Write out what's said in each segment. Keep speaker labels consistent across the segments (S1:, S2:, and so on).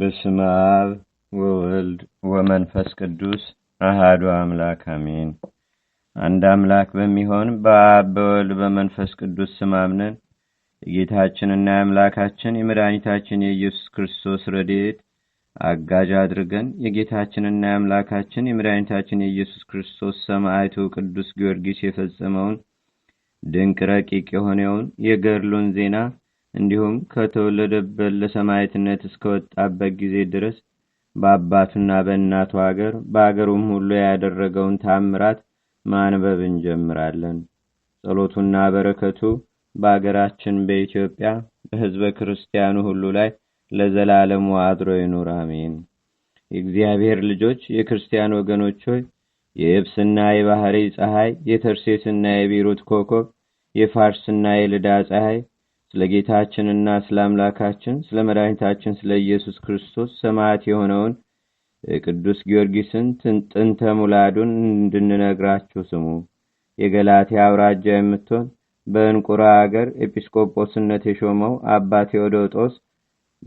S1: በስመ አብ ወወልድ ወመንፈስ ቅዱስ አሃዱ አምላክ አሜን። አንድ አምላክ በሚሆን በአብ በወልድ በመንፈስ ቅዱስ ስም አምነን የጌታችንና የአምላካችን የመድኃኒታችን የኢየሱስ ክርስቶስ ረድኤት አጋዥ አድርገን የጌታችንና የአምላካችን የመድኃኒታችን የኢየሱስ ክርስቶስ ሰማዕቱ ቅዱስ ጊዮርጊስ የፈጸመውን ድንቅ ረቂቅ የሆነውን የገድሉን ዜና እንዲሁም ከተወለደበት እስከ እስከወጣበት ጊዜ ድረስ በአባቱና በእናቱ አገር በአገሩም ሁሉ ያደረገውን ታምራት ማንበብ እንጀምራለን። ጸሎቱና በረከቱ በአገራችን በኢትዮጵያ በህዝበ ክርስቲያኑ ሁሉ ላይ ለዘላለሙ አድሮ ይኑር፣ አሜን። የእግዚአብሔር ልጆች የክርስቲያን ወገኖች ሆይ የየብስና የባህሪ ፀሐይ፣ የተርሴስና የቤሩት ኮከብ፣ የፋርስና የልዳ ፀሐይ ስለ ጌታችንና ስለ አምላካችን ስለ መድኃኒታችን ስለ ኢየሱስ ክርስቶስ ሰማያት የሆነውን ቅዱስ ጊዮርጊስን ጥንተ ሙላዱን እንድንነግራችሁ ስሙ። የገላትያ አውራጃ የምትሆን በእንቁራ አገር ኤጲስቆጶስነት የሾመው አባ ቴዎዶጦስ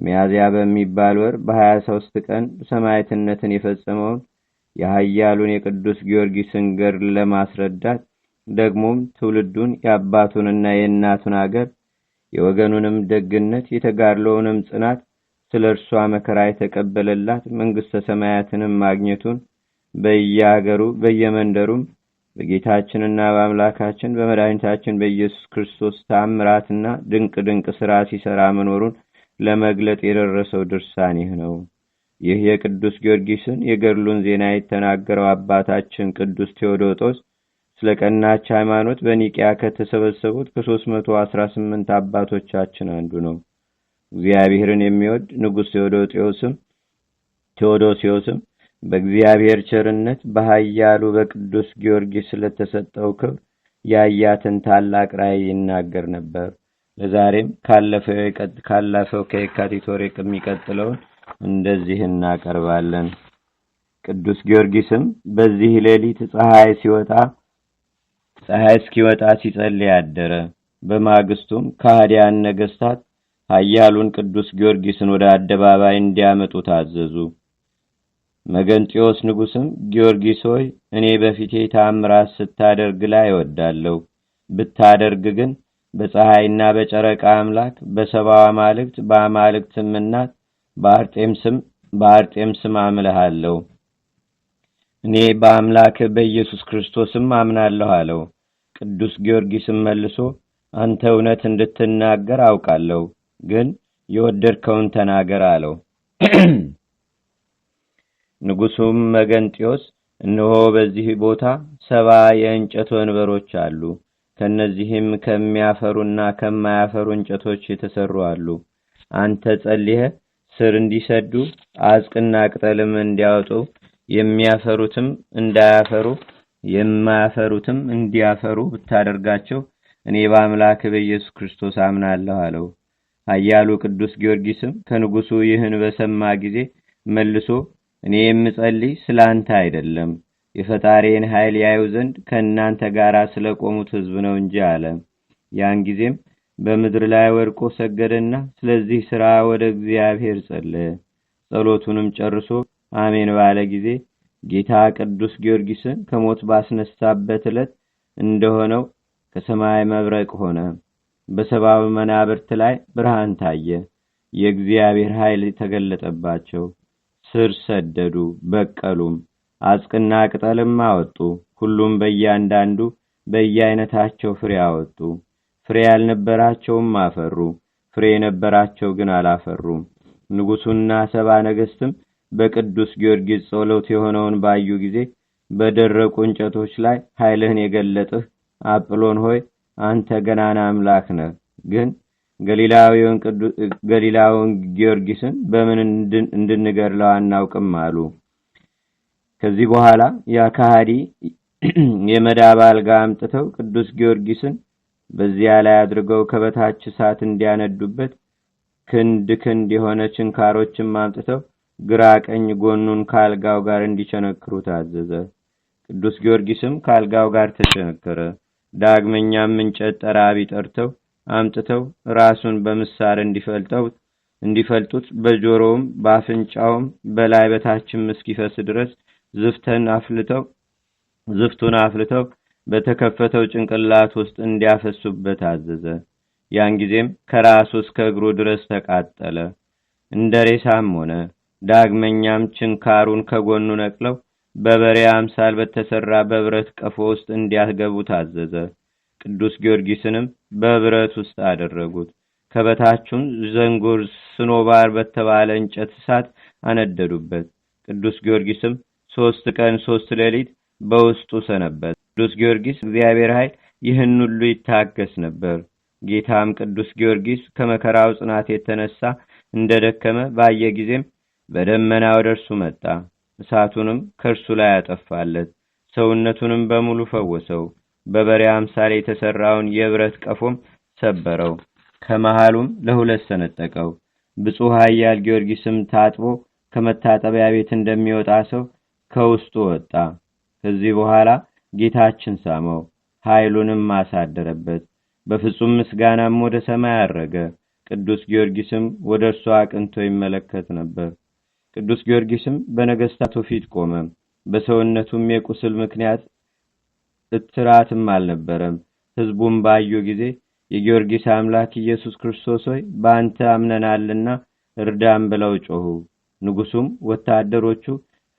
S1: ሚያዝያ በሚባል ወር በሀያ ሶስት ቀን ሰማይትነትን የፈጸመውን የሀያሉን የቅዱስ ጊዮርጊስን ገር ለማስረዳት ደግሞም ትውልዱን የአባቱንና የእናቱን አገር የወገኑንም ደግነት የተጋድለውንም ጽናት ስለ እርሷ መከራ የተቀበለላት መንግሥተ ሰማያትንም ማግኘቱን በየአገሩ በየመንደሩም በጌታችንና በአምላካችን በመድኃኒታችን በኢየሱስ ክርስቶስ ታምራትና ድንቅ ድንቅ ሥራ ሲሠራ መኖሩን ለመግለጥ የደረሰው ድርሳን ይህ ነው። ይህ የቅዱስ ጊዮርጊስን የገድሉን ዜና የተናገረው አባታችን ቅዱስ ቴዎዶጦስ ስለ ቀናች ሃይማኖት በኒቅያ ከተሰበሰቡት ከሦስት መቶ አስራ ስምንት አባቶቻችን አንዱ ነው። እግዚአብሔርን የሚወድ ንጉሥ ቴዎዶሲዎስም ቴዎዶሲዎስም በእግዚአብሔር ቸርነት በኃያሉ በቅዱስ ጊዮርጊስ ስለተሰጠው ክብር ያያትን ታላቅ ራእይ ይናገር ነበር። ለዛሬም ካለፈው ከየካቲት ወር የሚቀጥለውን እንደዚህ እናቀርባለን። ቅዱስ ጊዮርጊስም በዚህ ሌሊት ፀሐይ ሲወጣ ፀሐይ እስኪወጣ ሲጸልይ አደረ። በማግስቱም ከሃዲያን ነገሥታት ኃያሉን ቅዱስ ጊዮርጊስን ወደ አደባባይ እንዲያመጡ ታዘዙ። መገንጢዮስ ንጉሥም ጊዮርጊስ ሆይ እኔ በፊቴ ታምራት ስታደርግ ላይ እወዳለሁ። ብታደርግ ግን በፀሐይና በጨረቃ አምላክ በሰባው አማልክት በአማልክትም እናት በአርጤም ስም አምልሃለሁ። እኔ በአምላክ በኢየሱስ ክርስቶስም አምናለሁ አለው። ቅዱስ ጊዮርጊስም መልሶ አንተ እውነት እንድትናገር አውቃለሁ፣ ግን የወደድከውን ተናገር አለው። ንጉሡም መገንጢዮስ እነሆ በዚህ ቦታ ሰባ የእንጨት ወንበሮች አሉ። ከእነዚህም ከሚያፈሩና ከማያፈሩ እንጨቶች የተሰሩ አሉ። አንተ ጸልየ ስር እንዲሰዱ አዝቅና ቅጠልም እንዲያወጡ የሚያፈሩትም እንዳያፈሩ የማያፈሩትም እንዲያፈሩ ብታደርጋቸው እኔ በአምላክ በኢየሱስ ክርስቶስ አምናለሁ አለው አያሉ ቅዱስ ጊዮርጊስም ከንጉሱ ይህን በሰማ ጊዜ መልሶ እኔ የምጸልይ ስለ አንተ አይደለም የፈጣሪን ኃይል ያዩ ዘንድ ከእናንተ ጋር ስለቆሙት ህዝብ ነው እንጂ አለ ያን ጊዜም በምድር ላይ ወድቆ ሰገደና ስለዚህ ሥራ ወደ እግዚአብሔር ጸለየ ጸሎቱንም ጨርሶ አሜን ባለ ጊዜ ጌታ ቅዱስ ጊዮርጊስን ከሞት ባስነሳበት ዕለት እንደሆነው ከሰማይ መብረቅ ሆነ። በሰባብ መናብርት ላይ ብርሃን ታየ። የእግዚአብሔር ኃይል ተገለጠባቸው። ስር ሰደዱ፣ በቀሉም፣ አጽቅና ቅጠልም አወጡ። ሁሉም በእያንዳንዱ በየአይነታቸው ፍሬ አወጡ። ፍሬ ያልነበራቸውም አፈሩ፣ ፍሬ የነበራቸው ግን አላፈሩም። ንጉሡና ሰባ ነገስትም በቅዱስ ጊዮርጊስ ጸሎት የሆነውን ባዩ ጊዜ በደረቁ እንጨቶች ላይ ኃይልህን የገለጥህ አጵሎን ሆይ አንተ ገናና አምላክ ነህ። ግን ገሊላውን ጊዮርጊስን በምን እንድንገድለው አናውቅም አሉ። ከዚህ በኋላ የአካሃዲ የመዳብ አልጋ አምጥተው ቅዱስ ጊዮርጊስን በዚያ ላይ አድርገው ከበታች እሳት እንዲያነዱበት ክንድ ክንድ የሆነ ችንካሮችም አምጥተው ግራ ቀኝ ጎኑን ከአልጋው ጋር እንዲቸነክሩ ታዘዘ። ቅዱስ ጊዮርጊስም ከአልጋው ጋር ተቸነከረ። ዳግመኛም እንጨት ጠራቢ ጠርተው አምጥተው ራሱን በምሳር እንዲፈልጠው እንዲፈልጡት በጆሮውም በአፍንጫውም በላይ በታችም እስኪፈስ ድረስ ዝፍተን አፍልተው ዝፍቱን አፍልተው በተከፈተው ጭንቅላት ውስጥ እንዲያፈሱበት አዘዘ። ያን ጊዜም ከራሱ እስከ እግሩ ድረስ ተቃጠለ፣ እንደ ሬሳም ሆነ። ዳግመኛም ችንካሩን ከጎኑ ነቅለው በበሬ አምሳል በተሰራ በብረት ቀፎ ውስጥ እንዲያገቡ ታዘዘ። ቅዱስ ጊዮርጊስንም በብረት ውስጥ አደረጉት። ከበታቹን ዘንጉር ስኖባር በተባለ እንጨት እሳት አነደዱበት። ቅዱስ ጊዮርጊስም ሶስት ቀን ሶስት ሌሊት በውስጡ ሰነበት። ቅዱስ ጊዮርጊስ እግዚአብሔር ኃይል ይህን ሁሉ ይታገስ ነበር። ጌታም ቅዱስ ጊዮርጊስ ከመከራው ጽናት የተነሳ እንደደከመ ባየ ጊዜም በደመና ወደ እርሱ መጣ፣ እሳቱንም ከእርሱ ላይ አጠፋለት፣ ሰውነቱንም በሙሉ ፈወሰው። በበሬ አምሳል የተሠራውን የብረት ቀፎም ሰበረው፣ ከመሃሉም ለሁለት ሰነጠቀው። ብፁሕ ኃያል ጊዮርጊስም ታጥቦ ከመታጠቢያ ቤት እንደሚወጣ ሰው ከውስጡ ወጣ። ከዚህ በኋላ ጌታችን ሳመው፣ ኃይሉንም አሳደረበት። በፍጹም ምስጋናም ወደ ሰማይ አረገ። ቅዱስ ጊዮርጊስም ወደ እርሱ አቅንቶ ይመለከት ነበር። ቅዱስ ጊዮርጊስም በነገሥታቱ ፊት ቆመ። በሰውነቱም የቁስል ምክንያት እትራትም አልነበረም። ሕዝቡም ባዩ ጊዜ የጊዮርጊስ አምላክ ኢየሱስ ክርስቶስ ሆይ በአንተ አምነናልና እርዳም ብለው ጮኹ። ንጉሡም ወታደሮቹ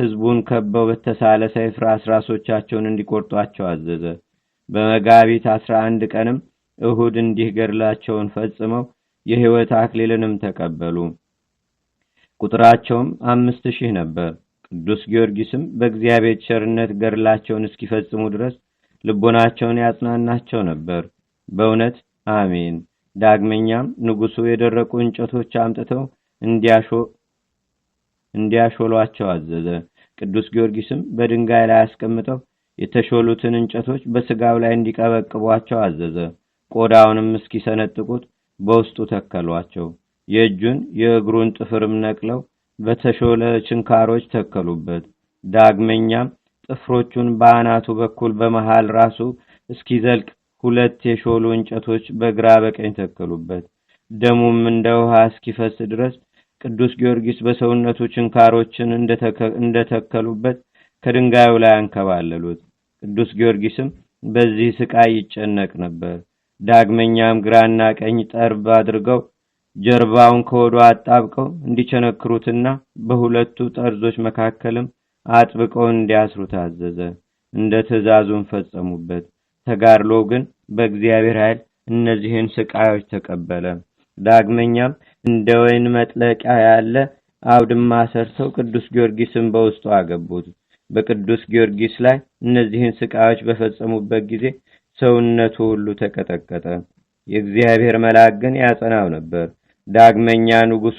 S1: ሕዝቡን ከበው በተሳለ ሰይፍ ራሶቻቸውን እንዲቆርጧቸው አዘዘ። በመጋቢት አስራ አንድ ቀንም እሁድ እንዲህ ገድላቸውን ፈጽመው የሕይወት አክሊልንም ተቀበሉ። ቁጥራቸውም አምስት ሺህ ነበር። ቅዱስ ጊዮርጊስም በእግዚአብሔር ቸርነት ገድላቸውን እስኪፈጽሙ ድረስ ልቦናቸውን ያጽናናቸው ነበር። በእውነት አሜን። ዳግመኛም ንጉሱ የደረቁ እንጨቶች አምጥተው እንዲያሾሏቸው አዘዘ። ቅዱስ ጊዮርጊስም በድንጋይ ላይ አስቀምጠው የተሾሉትን እንጨቶች በስጋው ላይ እንዲቀበቅቧቸው አዘዘ። ቆዳውንም እስኪሰነጥቁት በውስጡ ተከሏቸው። የእጁን የእግሩን ጥፍርም ነቅለው በተሾለ ችንካሮች ተከሉበት። ዳግመኛም ጥፍሮቹን በአናቱ በኩል በመሃል ራሱ እስኪዘልቅ ሁለት የሾሉ እንጨቶች በግራ በቀኝ ተከሉበት። ደሙም እንደ ውሃ እስኪፈስ ድረስ ቅዱስ ጊዮርጊስ በሰውነቱ ችንካሮችን እንደተከሉበት ከድንጋዩ ላይ አንከባለሉት። ቅዱስ ጊዮርጊስም በዚህ ስቃይ ይጨነቅ ነበር። ዳግመኛም ግራና ቀኝ ጠርብ አድርገው ጀርባውን ከወዱ አጣብቀው እንዲቸነክሩትና በሁለቱ ጠርዞች መካከልም አጥብቀው እንዲያስሩ ታዘዘ። እንደ ትእዛዙን ፈጸሙበት። ተጋድሎ ግን በእግዚአብሔር ኃይል እነዚህን ስቃዮች ተቀበለ። ዳግመኛም እንደ ወይን መጥለቂያ ያለ አውድማ ሰርተው ቅዱስ ጊዮርጊስን በውስጡ አገቡት። በቅዱስ ጊዮርጊስ ላይ እነዚህን ስቃዮች በፈጸሙበት ጊዜ ሰውነቱ ሁሉ ተቀጠቀጠ። የእግዚአብሔር መልአክ ግን ያጸናው ነበር። ዳግመኛ ንጉሱ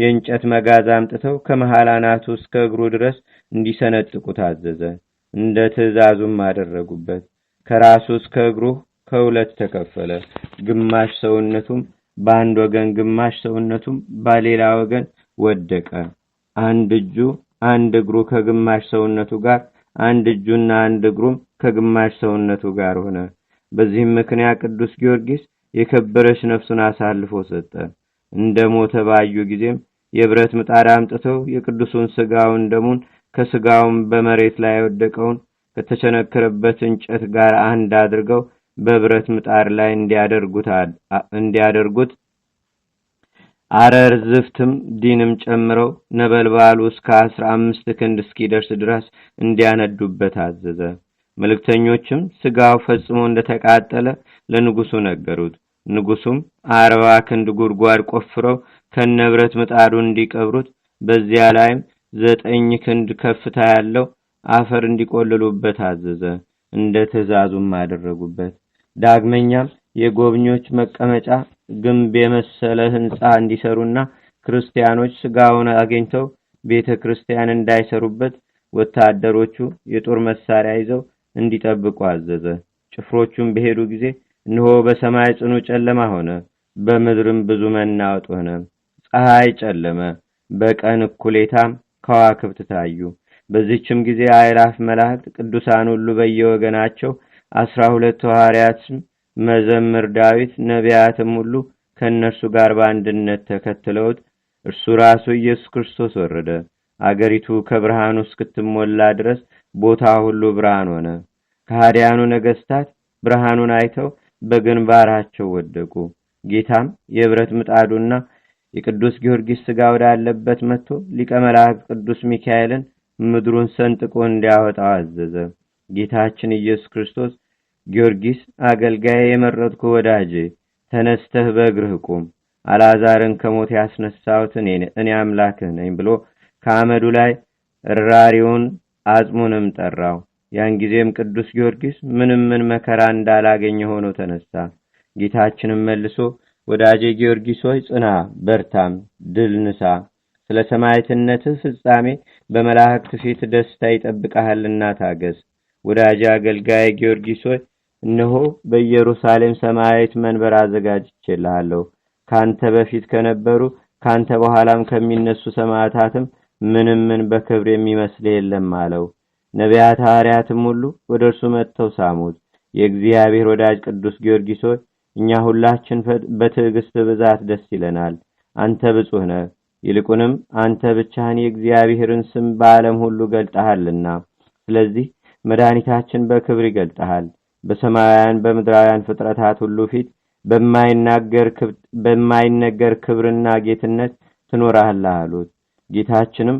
S1: የእንጨት መጋዝ አምጥተው ከመሃል አናቱ እስከ እግሩ ድረስ እንዲሰነጥቁ ታዘዘ። እንደ ትእዛዙም አደረጉበት። ከራሱ እስከ እግሩ ከሁለት ተከፈለ። ግማሽ ሰውነቱም በአንድ ወገን፣ ግማሽ ሰውነቱም በሌላ ወገን ወደቀ። አንድ እጁ አንድ እግሩ ከግማሽ ሰውነቱ ጋር፣ አንድ እጁና አንድ እግሩም ከግማሽ ሰውነቱ ጋር ሆነ። በዚህም ምክንያት ቅዱስ ጊዮርጊስ የከበረች ነፍሱን አሳልፎ ሰጠ። እንደ ሞተ ባዩ ጊዜም የብረት ምጣድ አምጥተው የቅዱሱን ስጋውን ደሙን ከስጋውን በመሬት ላይ የወደቀውን ከተቸነከረበት እንጨት ጋር አንድ አድርገው በብረት ምጣድ ላይ እንዲያደርጉት አረር ዝፍትም ዲንም ጨምረው ነበልባሉ እስከ አስራ አምስት ክንድ እስኪደርስ ድረስ እንዲያነዱበት አዘዘ። መልእክተኞችም ስጋው ፈጽሞ እንደተቃጠለ ለንጉሱ ነገሩት። ንጉሱም አርባ ክንድ ጉድጓድ ቆፍረው ከነብረት ምጣዱ እንዲቀብሩት በዚያ ላይም ዘጠኝ ክንድ ከፍታ ያለው አፈር እንዲቆልሉበት አዘዘ። እንደ ትእዛዙም አደረጉበት። ዳግመኛም የጎብኚዎች መቀመጫ ግንብ የመሰለ ህንፃ እንዲሰሩና ክርስቲያኖች ስጋውን አግኝተው ቤተ ክርስቲያን እንዳይሰሩበት ወታደሮቹ የጦር መሳሪያ ይዘው እንዲጠብቁ አዘዘ። ጭፍሮቹም በሄዱ ጊዜ እንሆ በሰማይ ጽኑ ጨለማ ሆነ፣ በምድርም ብዙ መናወጥ ሆነ። ፀሐይ ጨለመ፣ በቀን እኩሌታም ከዋክብት ታዩ። በዚችም ጊዜ አይላፍ መላእክት ቅዱሳን ሁሉ በየወገናቸው አስራ ሁለት ሐዋርያትም መዘምር ዳዊት ነቢያትም ሁሉ ከእነርሱ ጋር በአንድነት ተከትለውት እርሱ ራሱ ኢየሱስ ክርስቶስ ወረደ። አገሪቱ ከብርሃኑ እስክትሞላ ድረስ ቦታ ሁሉ ብርሃን ሆነ። ከሃዲያኑ ነገስታት ብርሃኑን አይተው በግንባራቸው ወደቁ። ጌታም የብረት ምጣዱና የቅዱስ ጊዮርጊስ ሥጋ ወዳለበት መጥቶ ሊቀ መላእክት ቅዱስ ሚካኤልን ምድሩን ሰንጥቆ እንዲያወጣው አዘዘ። ጌታችን ኢየሱስ ክርስቶስ ጊዮርጊስ አገልጋዬ፣ የመረጥኩ ወዳጄ፣ ተነስተህ በእግርህ ቁም፣ አልዓዛርን ከሞት ያስነሳሁት እኔ አምላክህ ነኝ ብሎ ከአመዱ ላይ እራሪውን አጽሙንም ጠራው። ያን ጊዜም ቅዱስ ጊዮርጊስ ምንም ምን መከራ እንዳላገኘ ሆኖ ተነሳ። ጌታችንም መልሶ ወዳጄ ጊዮርጊስ ሆይ ጽና፣ በርታም፣ ድል ንሳ፣ ስለ ሰማዕትነትህ ፍጻሜ በመላእክት ፊት ደስታ ይጠብቀሃልና ታገዝ ወዳጅ አገልጋይ ጊዮርጊስ ሆይ እነሆ በኢየሩሳሌም ሰማያዊት መንበር አዘጋጅቼልሃለሁ። ካንተ በፊት ከነበሩ ካንተ በኋላም ከሚነሱ ሰማዕታትም ምንም ምን በክብር የሚመስል የለም አለው። ነቢያት፣ ሐዋርያትም ሁሉ ወደ እርሱ መጥተው ሳሙት። የእግዚአብሔር ወዳጅ ቅዱስ ጊዮርጊስ ሆይ እኛ ሁላችን በትዕግስት ብዛት ደስ ይለናል። አንተ ብፁህ ነህ። ይልቁንም አንተ ብቻህን የእግዚአብሔርን ስም በዓለም ሁሉ ገልጠሃልና፣ ስለዚህ መድኃኒታችን በክብር ይገልጠሃል። በሰማያውያን በምድራውያን ፍጥረታት ሁሉ ፊት በማይነገር ክብርና ጌትነት ትኖራለህ አሉት። ጌታችንም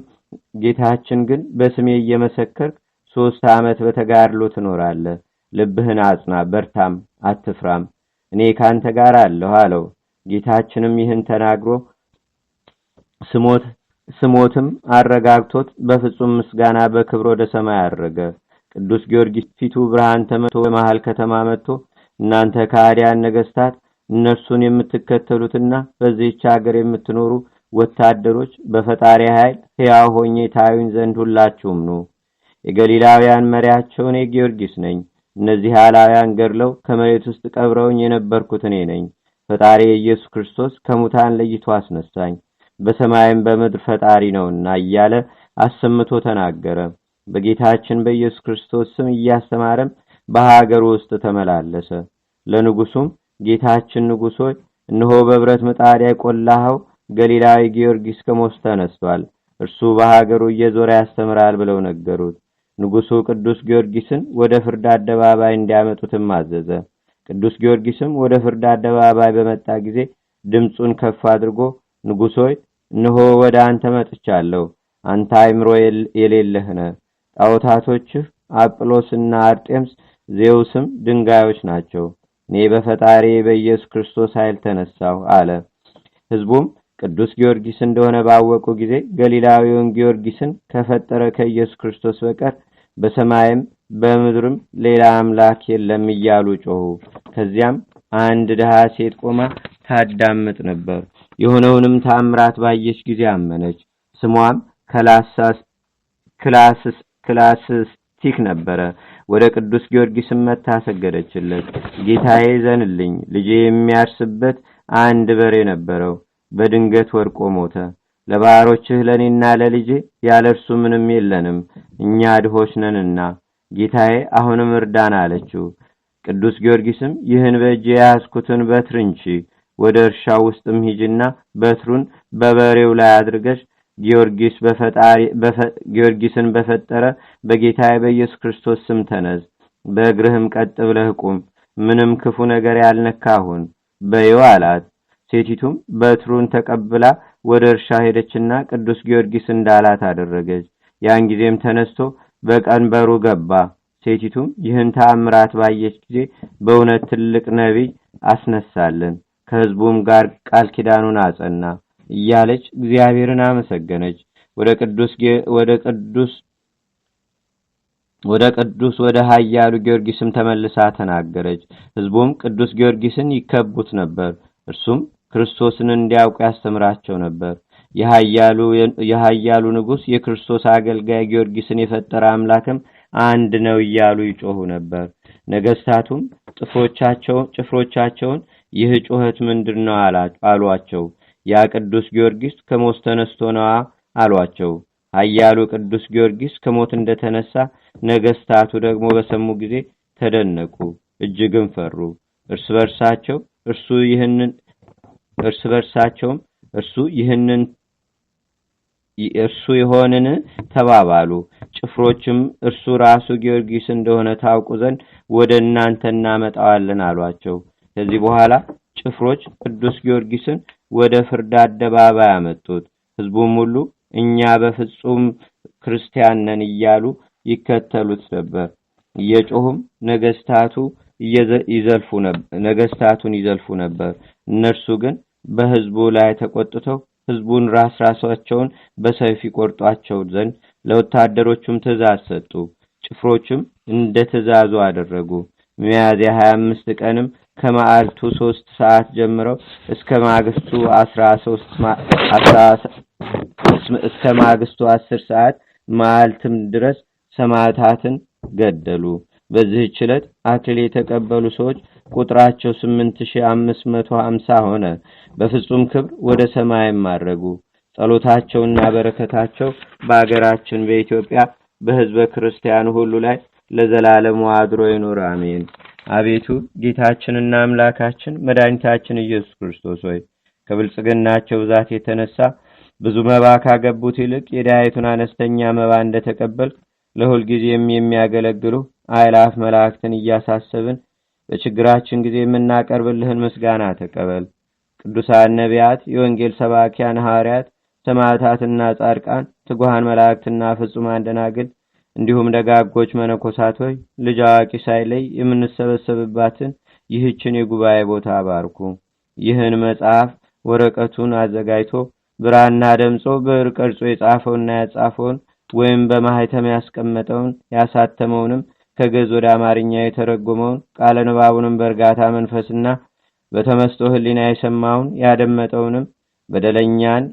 S1: ጌታችን ግን በስሜ እየመሰከርክ ሦስት ዓመት በተጋድሎ ትኖራለህ። ልብህን አጽና፣ በርታም፣ አትፍራም፣ እኔ ካንተ ጋር አለሁ አለው። ጌታችንም ይህን ተናግሮ ስሞት ስሞትም አረጋግቶት በፍጹም ምስጋና በክብር ወደ ሰማይ አረገ። ቅዱስ ጊዮርጊስ ፊቱ ብርሃን ተመቶ በመሃል ከተማ መጥቶ እናንተ ከአዲያን ነገስታት እነርሱን የምትከተሉትና በዚህች ሀገር የምትኖሩ ወታደሮች በፈጣሪ ኃይል ሕያው ሆኜ ታዩኝ ዘንድ ሁላችሁም ነው የገሊላውያን መሪያቸው እኔ ጊዮርጊስ ነኝ እነዚህ አላውያን ገድለው ከመሬት ውስጥ ቀብረውኝ የነበርኩት እኔ ነኝ ፈጣሪ የኢየሱስ ክርስቶስ ከሙታን ለይቶ አስነሳኝ በሰማይም በምድር ፈጣሪ ነውና እያለ አሰምቶ ተናገረ በጌታችን በኢየሱስ ክርስቶስ ስም እያስተማረም በሀገር ውስጥ ተመላለሰ ለንጉሱም ጌታችን ንጉሶ እነሆ በብረት ምጣድ ያቆላኸው ገሊላዊ ጊዮርጊስ ከሞት ተነስቷል እርሱ በሀገሩ እየዞረ ያስተምራል ብለው ነገሩት ንጉሡ ቅዱስ ጊዮርጊስን ወደ ፍርድ አደባባይ እንዲያመጡትም አዘዘ። ቅዱስ ጊዮርጊስም ወደ ፍርድ አደባባይ በመጣ ጊዜ ድምፁን ከፍ አድርጎ ንጉሶይ ንሆ ወደ አንተ መጥቻለሁ። አንተ አይምሮ የሌለህነ ጣዖታቶችህ አጵሎስና አርጤምስ ዜውስም ድንጋዮች ናቸው። እኔ በፈጣሪ በኢየሱስ ክርስቶስ ኃይል ተነሳሁ አለ። ህዝቡም ቅዱስ ጊዮርጊስ እንደሆነ ባወቁ ጊዜ ገሊላዊውን ጊዮርጊስን ከፈጠረ ከኢየሱስ ክርስቶስ በቀር በሰማይም በምድርም ሌላ አምላክ የለም እያሉ ጮሁ ከዚያም አንድ ድሃ ሴት ቆማ ታዳምጥ ነበር። የሆነውንም ታምራት ባየች ጊዜ አመነች። ስሟም ክላስስቲክ ነበረ። ወደ ቅዱስ ጊዮርጊስም መታ ሰገደችለት። ጌታዬ ዘንልኝ፣ ልጄ የሚያርስበት አንድ በሬ ነበረው፣ በድንገት ወድቆ ሞተ። ለባሮችህ ለእኔና ለልጅ ያለ እርሱ ምንም የለንም እኛ ድሆች ነንና ጌታዬ አሁንም እርዳን አለችው ቅዱስ ጊዮርጊስም ይህን በእጅ የያዝኩትን በትር እንቺ ወደ እርሻው ውስጥም ሂጅና በትሩን በበሬው ላይ አድርገሽ ጊዮርጊስን በፈጠረ በጌታዬ በኢየሱስ ክርስቶስ ስም ተነዝ በእግርህም ቀጥ ብለህ ቁም ምንም ክፉ ነገር ያልነካሁን በይው አላት ሴቲቱም በትሩን ተቀብላ ወደ እርሻ ሄደችና ቅዱስ ጊዮርጊስ እንዳላት አደረገች። ያን ጊዜም ተነስቶ በቀንበሩ ገባ። ሴቲቱም ይህን ተአምራት ባየች ጊዜ በእውነት ትልቅ ነቢይ አስነሳለን፣ ከህዝቡም ጋር ቃል ኪዳኑን አጸና እያለች እግዚአብሔርን አመሰገነች። ወደ ቅዱስ ወደ ቅዱስ ወደ ቅዱስ ወደ ጊዮርጊስም ተመልሳ ተናገረች። ህዝቡም ቅዱስ ጊዮርጊስን ይከቡት ነበር። እርሱም ክርስቶስን እንዲያውቁ ያስተምራቸው ነበር። የሀያሉ ንጉሥ የክርስቶስ አገልጋይ ጊዮርጊስን የፈጠረ አምላክም አንድ ነው እያሉ ይጮኹ ነበር። ነገስታቱም ጭፍሮቻቸውን ይህ ጩኸት ምንድን ነው አሏቸው። ያ ቅዱስ ጊዮርጊስ ከሞት ተነስቶ ነዋ አሏቸው። ሀያሉ ቅዱስ ጊዮርጊስ ከሞት እንደተነሳ ነገስታቱ ደግሞ በሰሙ ጊዜ ተደነቁ፣ እጅግም ፈሩ። እርስ በርሳቸው እርሱ ይህንን እርስ በርሳቸውም እርሱ ይህንን እርሱ የሆንን ተባባሉ ጭፍሮችም እርሱ ራሱ ጊዮርጊስ እንደሆነ ታውቁ ዘንድ ወደ እናንተ እናመጣዋለን አሏቸው ከዚህ በኋላ ጭፍሮች ቅዱስ ጊዮርጊስን ወደ ፍርድ አደባባይ አመጡት ህዝቡም ሁሉ እኛ በፍጹም ክርስቲያን ነን እያሉ ይከተሉት ነበር እየጮሁም ነገስታቱ ነገስታቱን ይዘልፉ ነበር እነርሱ ግን በህዝቡ ላይ ተቆጥተው ህዝቡን ራስ ራሳቸውን በሰይፍ ይቆርጧቸው ዘንድ ለወታደሮቹም ትእዛዝ ሰጡ። ጭፍሮችም እንደ ትእዛዙ አደረጉ። ሚያዝያ 25 ቀንም ከማዓልቱ ሶስት ሰዓት ጀምረው እስከ ማግስቱ እስከ ማግስቱ 10 ሰዓት ማዓልትም ድረስ ሰማዕታትን ገደሉ። በዚህች ዕለት አክሊል የተቀበሉ ሰዎች ቁጥራቸው 8550 ሆነ። በፍጹም ክብር ወደ ሰማይም ማረጉ። ጸሎታቸውና በረከታቸው በአገራችን በኢትዮጵያ በህዝበ ክርስቲያኑ ሁሉ ላይ ለዘላለሙ አድሮ ይኑር፣ አሜን። አቤቱ ጌታችንና አምላካችን መድኃኒታችን ኢየሱስ ክርስቶስ ሆይ ከብልጽግናቸው ብዛት የተነሳ ብዙ መባ ካገቡት ይልቅ የዳያይቱን አነስተኛ መባ እንደተቀበል ለሁልጊዜም የሚያገለግሉ አይላፍ መላእክትን እያሳሰብን በችግራችን ጊዜ የምናቀርብልህን ምስጋና ተቀበል ቅዱሳን ነቢያት የወንጌል ሰባኪያን ሐዋርያት ሰማዕታትና ጻድቃን ትጉሃን መላእክትና ፍጹማን ደናግል እንዲሁም ደጋጎች መነኮሳት ሆይ ልጅ አዋቂ ሳይለይ የምንሰበሰብባትን ይህችን የጉባኤ ቦታ አባርኩ ይህን መጽሐፍ ወረቀቱን አዘጋጅቶ ብራና ደምጾ ብዕር ቀርጾ የጻፈውና ያጻፈውን ወይም በማህተም ያስቀመጠውን ያሳተመውንም ከገዝ ወደ አማርኛ የተረጎመውን ቃለ ንባቡንም በእርጋታ መንፈስና በተመስጦ ህሊና የሰማውን ያደመጠውንም በደለኛን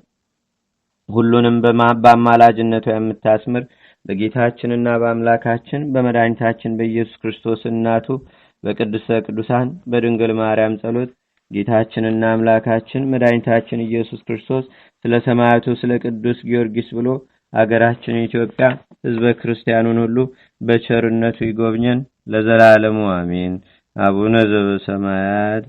S1: ሁሉንም በአማላጅነቷ የምታስምር በጌታችንና በአምላካችን በመድኃኒታችን በኢየሱስ ክርስቶስ እናቱ በቅዱሰ ቅዱሳን በድንግል ማርያም ጸሎት ጌታችንና አምላካችን መድኃኒታችን ኢየሱስ ክርስቶስ ስለ ሰማያቱ ስለ ቅዱስ ጊዮርጊስ ብሎ አገራችን ኢትዮጵያ ህዝበ ክርስቲያኑን ሁሉ በቸርነቱ ይጎብኘን ለዘላለሙ አሜን። አቡነ ዘበሰማያት